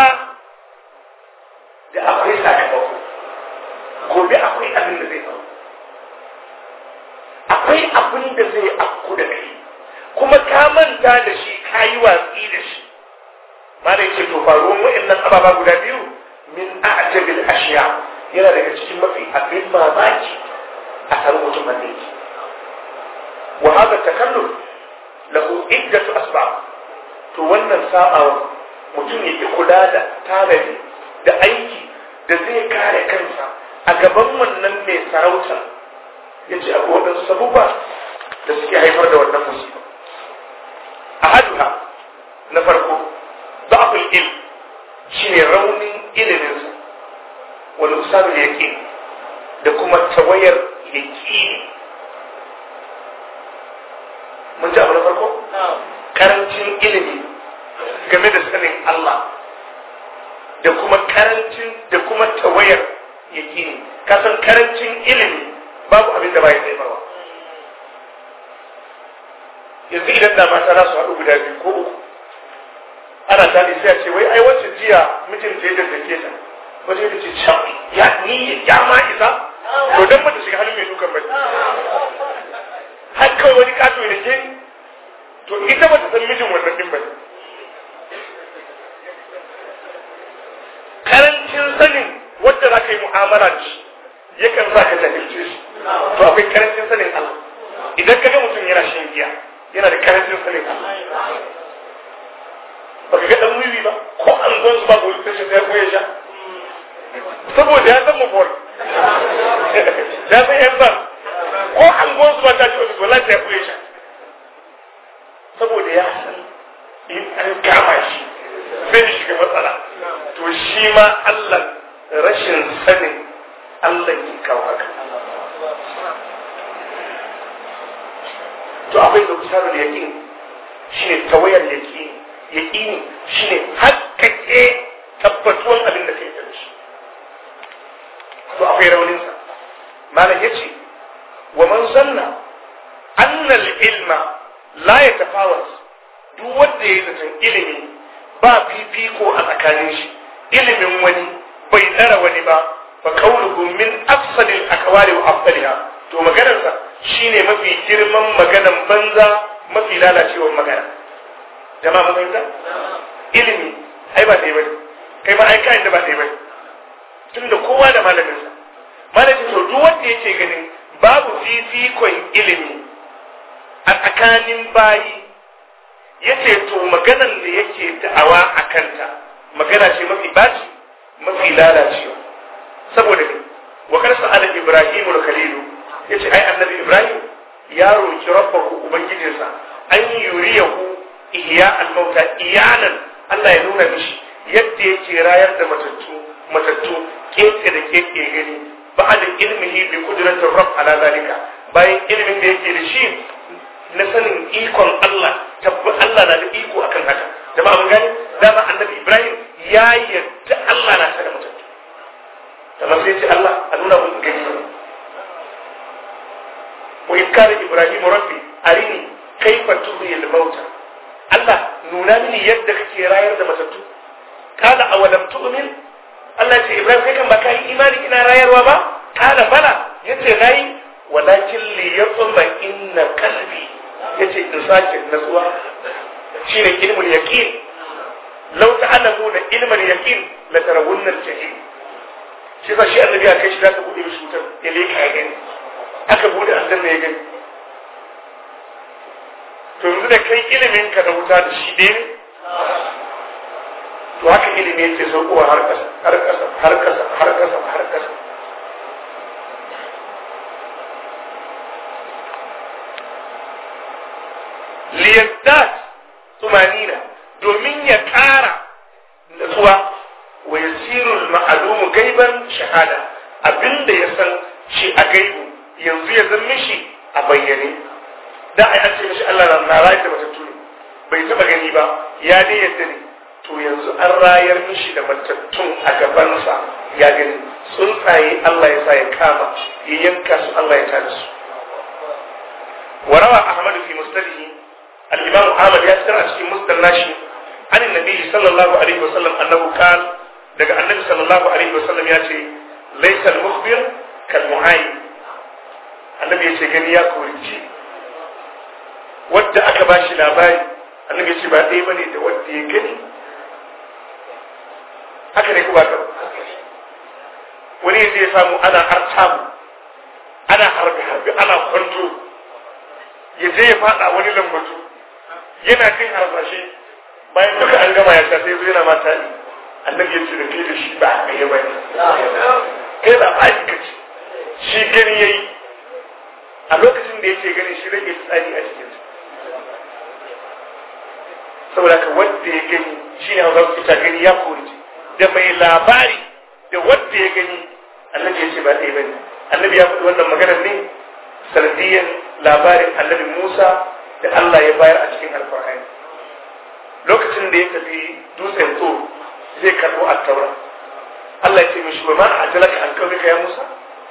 S2: da akwai sakamako gobe akwai abin da zai faru akwai abin da zai afku da kai kuma ka manta da ya ce to wa'annan ababa guda biyu min a'jabil ashiya yana daga cikin mafi abin mamaki a san mutum wa hada takallum lahu iddatu asbab to wannan sabawa mutum yake kula da tanadi da aiki da zai kare kansa a gaban wannan mai sarauta ya ce akwai waɗansu sabubba da suke haifar da wannan musiba a haduha na farko da'ful ilm shine raunin ilimin sa wal usabul yaqin da kuma tawayar yaqini mun ji abu na farko karancin ilimi game da sanin Allah da kuma karancin da kuma tawayar yaqini kasan karancin ilimi babu abin da bai tsaibarwa yanzu idan da mata za su haɗu guda biyu ko uku ana tali sai a ce wai ai wacce jiya mijinta ya daddake ta wajen da ce can ya ni ya ma isa to dan mata shiga halin mai dukan bai har kawai wani kato ya ke to ita ba ta san mijin wannan din bai karancin sanin wadda za ka yi mu'amala da shi yakan za ka jahilce shi to akwai karancin sanin Allah idan ka ga mutum yana shan giya yana da karancin sanin Allah ba ka ga dan wiwi ba ko an gwan su ba ko sai sai ko ya sha saboda ya san mafol ya san yan zan ko an gwan su ba ta ci ofis wallahi sai ko saboda ya san in an kama shi sai shi shiga matsala to shi ma Allah rashin sanin Allah ki kawo haka to abin da kusa da yakin shi ne tawayar yaki yaqini shine hakkake tabbatuwan abin da yi da shi to akwai raunin sa malam yace wa man zanna anna al-ilma la yatafawaz duk wanda yayi zaton ilimi ba fifiko a tsakanin shi ilimin wani bai tsara wani ba fa qawluhu min afsalil aqwali wa afsaliha to maganarsa shine mafi girman maganan banza mafi lalacewar magana jama'a mun fahimta ilimi ai ba yi bane kai ma ai kayan da ba yi bane tunda kowa da malaminsa malamin sa duk wanda yake ganin babu fifikon ilimi a tsakanin bayi yace to maganar da yake da'awa a kanta magana ce mafi baci mafi lalacewa saboda ne wa karsa ala ibrahim al-khalilu yace ai annabi ibrahim ya roki rabbahu ubangijinsa an yuriyahu ihya al-mauta iyanan Allah ya nuna mishi yadda yake rayar da matattu matattu keke da keke gani ba'da ilmihi bi qudratir rabb ala zalika bayan ilmin da yake da shi na sanin ikon Allah tabbi Allah na da iko akan haka jama'a mun gani dama annabi Ibrahim ya yarda Allah na tare matattu kamar sai ce Allah a nuna mun gani wa in kana Ibrahim rabbi arini kaifa tuhyil mauta Allah nuna mini yadda kake rayar da matattu a awalam tu'min Allah ce Ibrahim kai kan baka yi imani ina rayarwa ba kala bala yace nayi walakin li yatma inna qalbi yace in sake natsuwa shine ilmul yaqin law ta'lamuna ilmul yaqin la tarawunna al-jahim shi ba shi annabi ya kai shi zaka bude shi wutar ya leka ya gani aka bude aljanna ya gani to yanzu da kai ilimin ka da wuta da shi dai to haka ilimi yake saukowa har kasa har kasa har kasa har kasa har kasa liyazdat tumanina domin ya ƙara natsuwa wa yasirul ma'lumu gaiban shahada abinda ya san shi a gaibu yanzu ya zan mishi a bayyane da ai an ce mishi Allah na rayar da matattu ne bai taba gani ba ya dai yadda ne to yanzu an rayar mishi da matattun a gabansa ya gani tsuntsaye Allah ya sa ya kama ya yanka su Allah ya tada su وروى أحمد في مسنده الإمام أحمد يذكر في مسند ناشي عن النبي صلى الله عليه وسلم أنه قال دقى النبي صلى الله عليه وسلم يأتي ليس المخبر كالمعاين النبي يأتي جنيا كوريجي wadda aka ba shi labari annabi ce ba ɗaya bane da wadda ya gani haka ne kuma ka wani yanzu ya samu ana harcamu ana harbi harbi ana kwanto ya je ya fada wani lambatu yana kai harfashe bayan duka an gama ya sha sai zai yana mata ne annabi ya ce da kai da shi ba a yi bai kai da ba ka ci shi gani ya yi. a lokacin da ya ce gani shi rage tsari a cikinsa saboda ka wanda ya gani shine hausa su ta gani ya kori da mai labari
S3: da wanda ya gani annabi ya ce ba ɗaya bane
S2: annabi ya fi wannan maganar ne sanadiyan labarin annabi Musa da Allah ya bayar a cikin alfahari lokacin da ya tafi dutsen to zai karɓo taura. Allah ya ce mishi ba ma a talaka an kawai ya Musa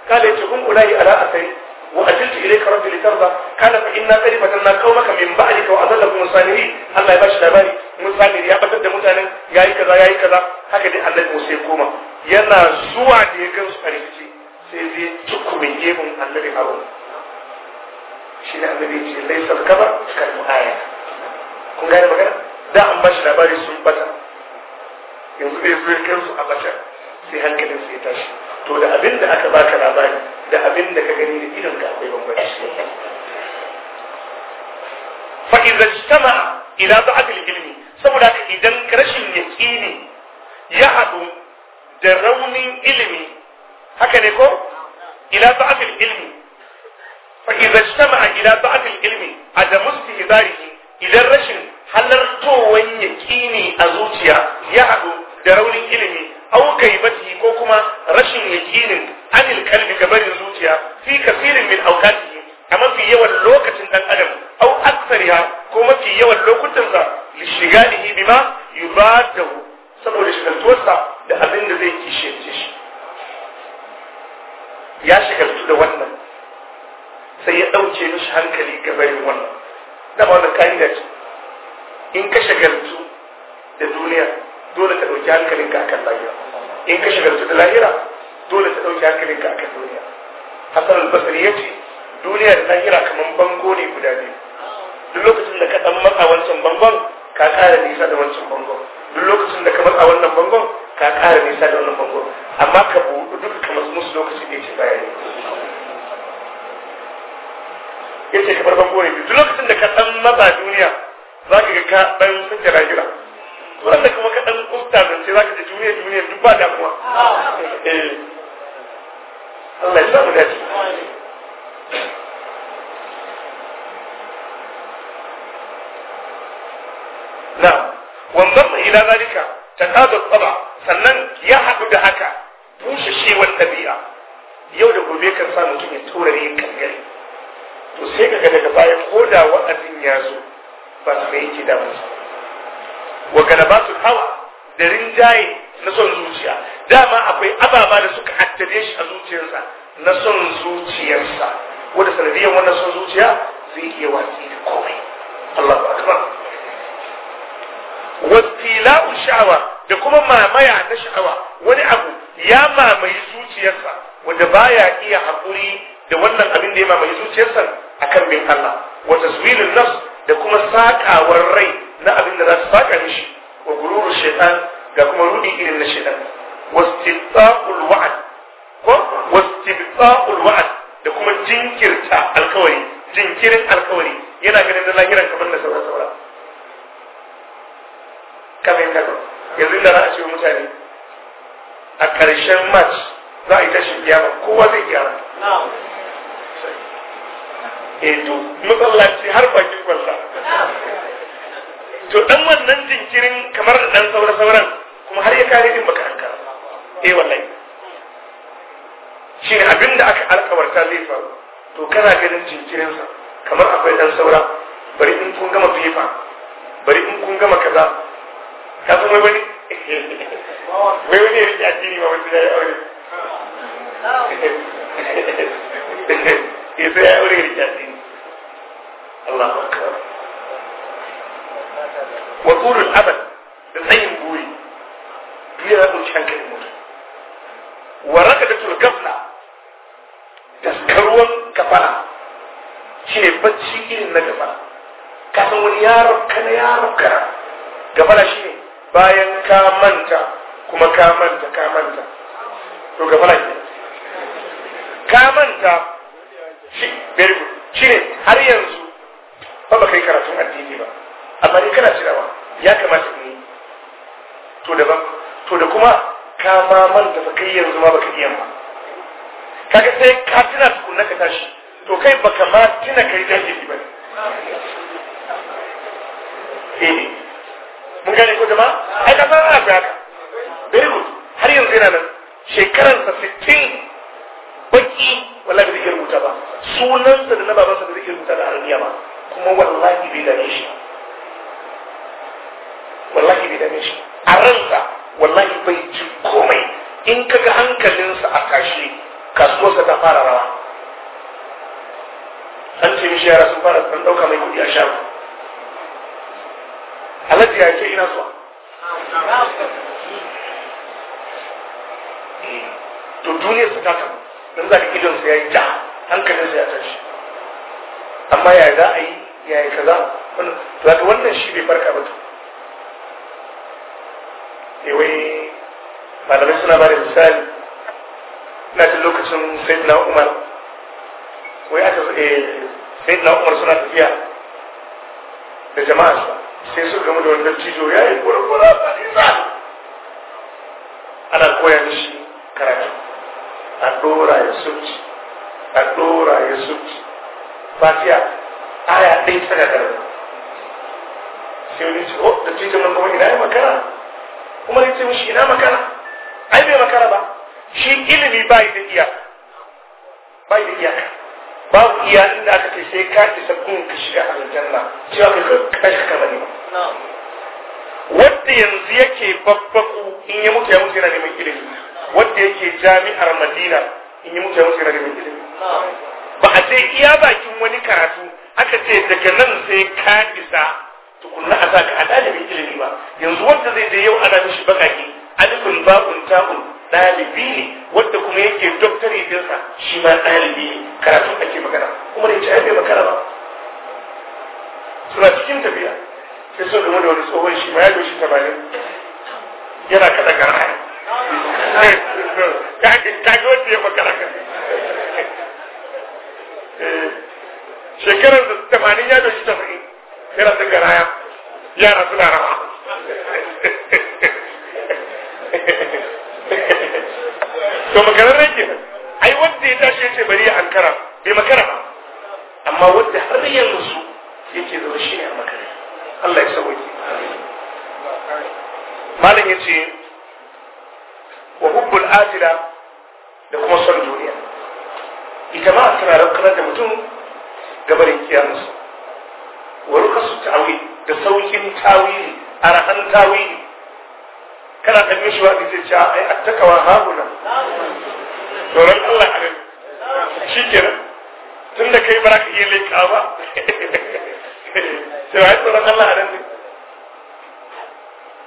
S2: kala ya ce kun kula ala asai وأجلت إليك ربي لترضى قال فإنا قد فتنا قومك من بعدك وأضلهم الصالحين الله يباشي لاباري musali ya batar da mutanen yayi kaza yayi kaza haka dai Allah Musa ya yana zuwa da ya gansu a rikici sai zai tukume gemun annabi Harun shi ne annabi ce laisar kaba kar aya kun gane magana da an bashi labari sun bata yanzu a bata sai sai to da abin da aka baka labari da abin da ka gani da idan ka akwai bambanci fa idza ijtama ila da'af ilmi saboda idan rashin yaqini ya hadu da raunin ilimi haka ne ko ila da'af ilmi fa idza ijtama ila da'af ilmi adam istihzarihi idan rashin halartowar yaqini a zuciya ya hadu da raunin ilimi au gaibati ko kuma rashin yakinin anil kalbi gabarin zuciya fi kasirin min aukati a mafi yawan lokacin dan adam au aksariha ko mafi yawan lokutansa li shigalihi bima yubadahu saboda shigaltuwarsa da abin da zai kishiyance shi ya shigaltu da wannan sai ya ɗauke mishi hankali gabarin wannan da ba wannan ka'ida in ka shagaltu da duniya dole ta ɗauki hankalinka akan lahira in ka shiga da lahira dole ta ɗauki hankalinka akan duniya hasan al-basri yace ce duniya da lahira kamar bango ne guda biyu duk lokacin da ka dan matsa wancan bangon ka ƙara nisa da wancan bangon duk lokacin da ka matsa wannan bangon ka ƙara nisa da wannan bangon amma ka buɗu duka kamar musu lokaci da ya ce bayani yace kamar bango ne biyu duk lokacin da ka dan matsa duniya za ka ga ka dan fice lahira wanda kuma ka dan kumta zance za ka ji duniya duniya duk ba damuwa eh. Allah ya samu dace na wannan ila zalika takadu tsaba sannan ya haɗu da haka bushashewar ɗabi'a yau da gobe kan sa mutum ya turare kankare to sai ka ga daga baya ko da wa'azin ya zo ba su mai yake damunsa wa galabatul hawa da rinjaye na son zuciya dama akwai ababa da suka addabe shi a zuciyarsa na son zuciyarsa wanda sanadiyar wannan son zuciya zai iya watsi da komai Allahu akbar wastila'u sha'awa da kuma mamaya na sha'awa wani abu ya mamaye zuciyarsa wanda baya iya haƙuri da wannan abin da ya mamaye zuciyarsa akan bin Allah wa taswilun nafs da kuma saƙawar rai na abin da za su saka mishi wa gururu shaitan ga kuma rudi irin na shaitan wastibtaqul wa'd ko wastibtaqul wa'd da kuma jinkirta alkawari jinkirin alkawari yana ganin da lahiran kamar da sauran sauran kamar kaga yanzu da za a ce mutane a ƙarshen march za a yi tashin kiyama kowa zai gyara. E, to matsalaci har bakin kwalla to dan wannan jinkirin kamar da dan sauran sauran kuma har ya kare din baka hankara eh wallahi shi abin da aka alkawarta zai faru to kana ganin sa kamar akwai dan saura bari in kun gama fifa bari in kun gama kaza ka san wani <laughs> wai wani ya rike addini ma wani ya aure <laughs> ya sai ya aure ya rike addini Allahu akbar wa tsurul abad da tsayin buri duniya za ta wuce hankalin mutum wa rakadatul gafla daskaruwan kafara shine bacci irin na gaba ka san wani yaro kana yaro kara gabara shine bayan ka manta kuma ka manta ka manta to gabara ke ka manta shi very good shine har yanzu ba ba kai karatun addini ba amma ni kana tunawa ya kamata in yi to daban to da kuma ka ma manta fa kai yanzu ma baka iya ba kaga sai ka tuna tukunna ka tashi to kai baka ma tuna kai jahili ba eh mun gane ko jama'a ai ka san ana haka very good har yanzu yana nan Shekaran sa 60 baki wallahi bai rubuta ba sunansa da na babansa da zai rubuta da arabiya ba kuma wallahi bai gane shi wallahi bai dame shi a ransa wallahi bai ji komai in kaga hankalinsa a kashi kasuwarsa ta fara rawa an ce mishi yara sun fara sun dauka mai kuɗi a shago alhaji ya ce ina zuwa to duniya su ta tabu don za ka idon su ya yi ja hankalin su ya tashi amma ya za a yi ya yi kaza wannan shi bai farka ba ta. sai wai malamai suna ba da misali na cin lokacin na umar wai aka eh, na umar suna tafiya da jama'a sai su gama da wani dattijo ya yi gurgura a nisa ana koya mishi karatu a dora ya sulci a dora ya sulci fatiya aya ɗaya tana da sai wani ce da oh, dattijo nan kuma ina yi makara kuma zai ce mishi ina makara ai bai makara ba shi ilimi bai da iya bai da iyaka babu iya inda aka ce sai ka isa kun ka shiga aljanna cewa ka kashi ka bane ne. wanda yanzu yake babbaku in ya mutu ya mutu yana neman ilimi wanda yake jami'ar madina in ya mutu ya mutu yana neman ilimi ba a ce iya bakin wani karatu aka ce daga nan sai ka isa tukunna a saka a ɗalibin ilimi ba yanzu wanda zai je yau ana mishi bakaki alifin babun ta'un ɗalibi ne wanda kuma yake doktari dinsa shi ma ɗalibi ne karatun ake magana kuma ne ci bai makara ba suna cikin tafiya sai so game da wani tsohon shi ma ya doshi tamanin yana kaɗa gara kage eh, eh, eh, wanda ya makara kan shekarar da tamanin ya doshi tamanin yana sun garaya yara suna rawa to makarar rage
S1: ai wanda ya tashi yace bari an kara,
S2: bai makara amma wanda har yanzu yake zama shi ne a makare Allah ya sauke malam yace wa hubbul ajila da kuma son duniya ita ma tana raukanar da mutum gabarin kiyamusa wa rukasu ta'wil da saukin tawili arahan tawili kana da mishi wadi zai ce ai attakawa hauna tsoron Allah a nan shikenan tun da kai ba ka iya leƙa ba <laughs> sai ai tsoron Allah a nan ne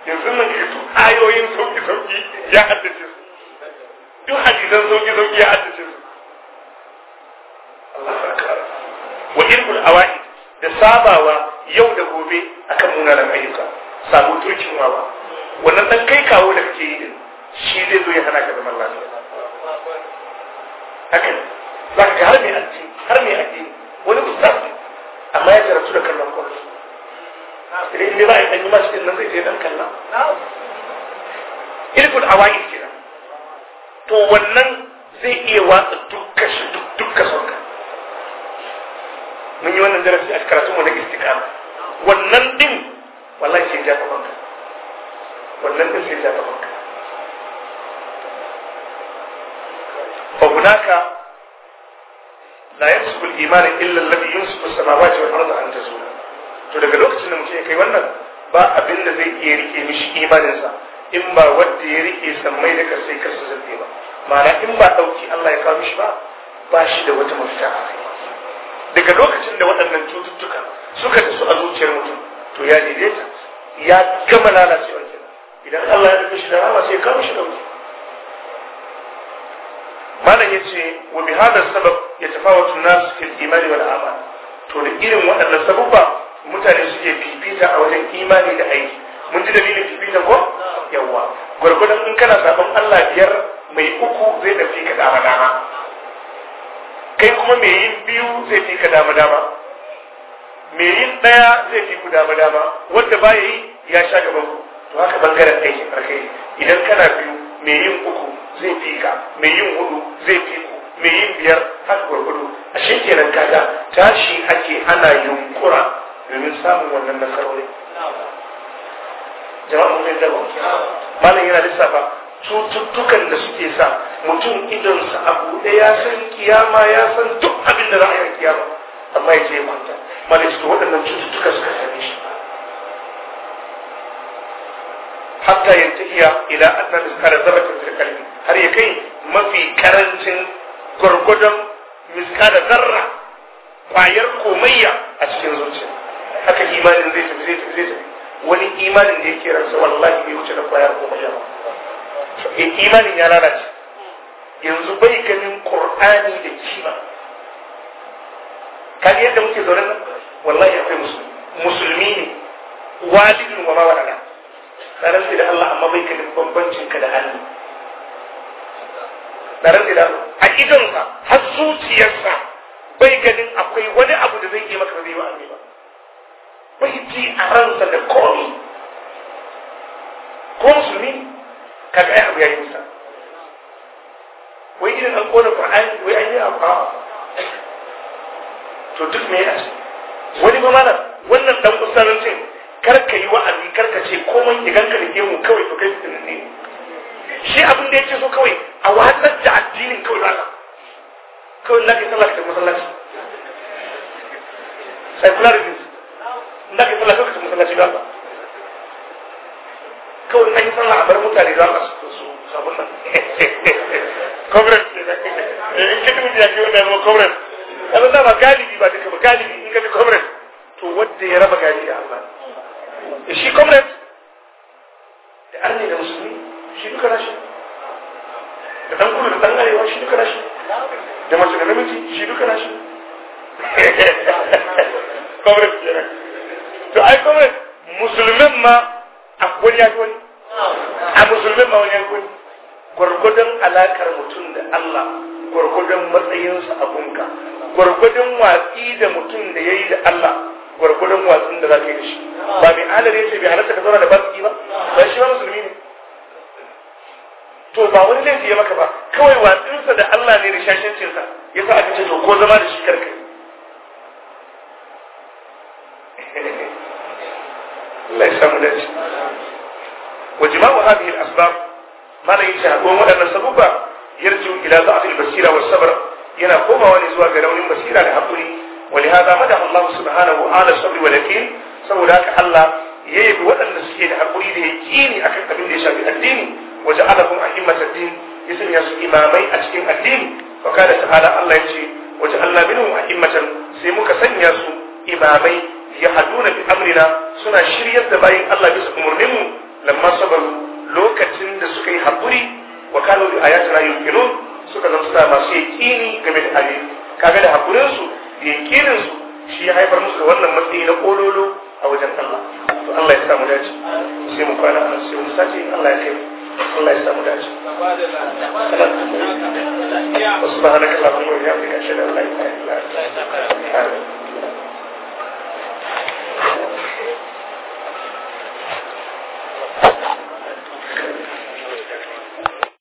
S2: yanzu nan ke su ayoyin sauki sauki ya haddace su duk hadisan sauki sauki ya haddace su Allah ba ka wa ilmul awa'id da sabawa yau da gobe akan munanan ayyuka samu turkin wawa wannan dan kai kawo da kake yi din shi zai zo ya hana ka zaman lafiya haka za ka har mai addini har mai addini wani ustaz amma ya jarabtu da kallon kwallo sai inda ba a yi ɗanyi ma cikin nan zai je ɗan kallon ilkul awa'i kenan to wannan zai iya watsa dukkan dukkan mun yi wannan darasi a karatunmu na istiqama wannan din wallahi sai ja gaban ka wannan din sai ja gaban ka fa hunaka la yansubu al-iman illa alladhi yansubu as-samawati wal ardu an tazula to daga lokacin da mutum ya kai wannan ba abin da zai iya rike mishi imaninsa in ba wanda ya rike sammai da kasai kasu zai ba ma'ana in ba dauki Allah ya kawo mishi ba ba shi da wata mafita a kai daga lokacin da waɗannan cututtuka suka tasu a zuciyar mutum to ya ta, ya gama lalacewa idan Allah ya rufe shi da rama sai ya kawo shi dauki malam yace wa bi hada sabab ya an-nas fil imani wal amal to da irin waɗannan sababba mutane suke fifita a wajen imani da aiki mun ji dalilin fifita ko Yawwa. gwargwadon in kana sabon Allah biyar mai uku zai tafi ka dama dama kai kuma mai yin biyu zai fi ka dama dama mai yin ɗaya zai fi ku dama dama wanda ba yi ya sha gaban ku to haka bangaren aikin alkhairi idan kana biyu mai yin uku zai fi ka mai yin hudu zai fi ku mai yin biyar haka gwargwado a shi kenan kaga tashi ake ana yunkura domin samun wannan nasarori jama'a mun da ba malam yana lissafa cututtukan da suke sa mutum idonsa a buɗe ya san kiyama ya san duk abin da za a yi a kiyama amma ya je kwanta malai suke waɗannan cututtuka suka same shi hatta yantahiya ila anna da zarratin cikin qalbi har ya kai mafi karancin gwargwadon da zarra kwayar komayya a cikin zuciya haka imanin zai tafi zai tafi zai tafi wani imanin da yake ransa wallahi bai wuce da kwayar komayya ba Eh, imanin ya lalace yanzu bai ganin qur'ani da kima kaga yadda muke zaune nan wallahi akwai musulmi musulmi ne walidin wa ma walada tsaron da Allah amma bai ganin bambancin ka da hannu tsaron da Allah a idonsa har zuciyarsa bai ganin akwai wani abu da zai yi maka zai yi wa ba bai ji a ransa da komi ko musulmi ne kaga abu abu yi nisa wai irin an kona qur'ani wai an yi amfara to duk me ya wani ba mana wannan dan kusurancin kar ka yi wa'azi kar ka ce komai ya ganka da mu kawai to kai fitinin ne shi abin da ya ce so kawai a watsar da addinin kawai da Allah kawai na kai sallah ka masallaci secularism na kai sallah ka masallaci da Allah kawai an yi sallah a bar mutane za su su samu nan congress ne zaki in ka dubi ya ke wanda zama congress yanzu dama galibi ba duka ba galibi in ka bi congress to wadda ya raba gari da Allah shi congress da arni da musulmi shi duka nashi da dan kudu da dan arewa shi duka nashi da mace da namiji shi duka nashi congress kenan to ai congress musulmin ma a a musulmin ma wani ya gwargwadon alakar mutum da Allah gwargwadon matsayinsa a gunka gwargwadon watsi da mutum da ya yi da Allah gwargwadon watsin da za ka yi da shi ba mai alare ce bai halatta ka zauna da baki ba ba shi ba musulmi ne to ba wani laifi ya maka ba kawai watsinsa da Allah ne da cinsa ya sa aka ce to ko zama da shi karka <laughs> وجماع هذه الأسباب ما لا يشهدون وأن السبب يرجع إلى ضعف البصيرة والصبر ينا قوم ونزوى قرون بصيرة لحقولي ولهذا مدح الله سبحانه على الصبر ولكن سولاك الله يجب وأن السكين حقولي ليكيني أكثر من ليش في الدين وجعلهم أئمة الدين يسمى إمامي أشكين الدين وقال تعالى الله يجي وجعلنا منهم أئمة سيموك سنياسو إمامي يحدون بأمرنا سنة شرية باين الله بس أمرنمو lamma sabaru lokacin da suka yi haƙuri wa kanu bi yin yuqinun suka zama suna masu kini game da abin kaga da haƙurin da yaqinin shi ya haifar musu da wannan matsayi na kololo a wajen Allah to Allah ya sa mu dace sai mu kwana a sai mu sace Allah ya kai Allah ya sa mu dace subhanaka allahumma wa bihamdika ashhadu an la ilaha illa anta astaghfiruka wa atubu ilaik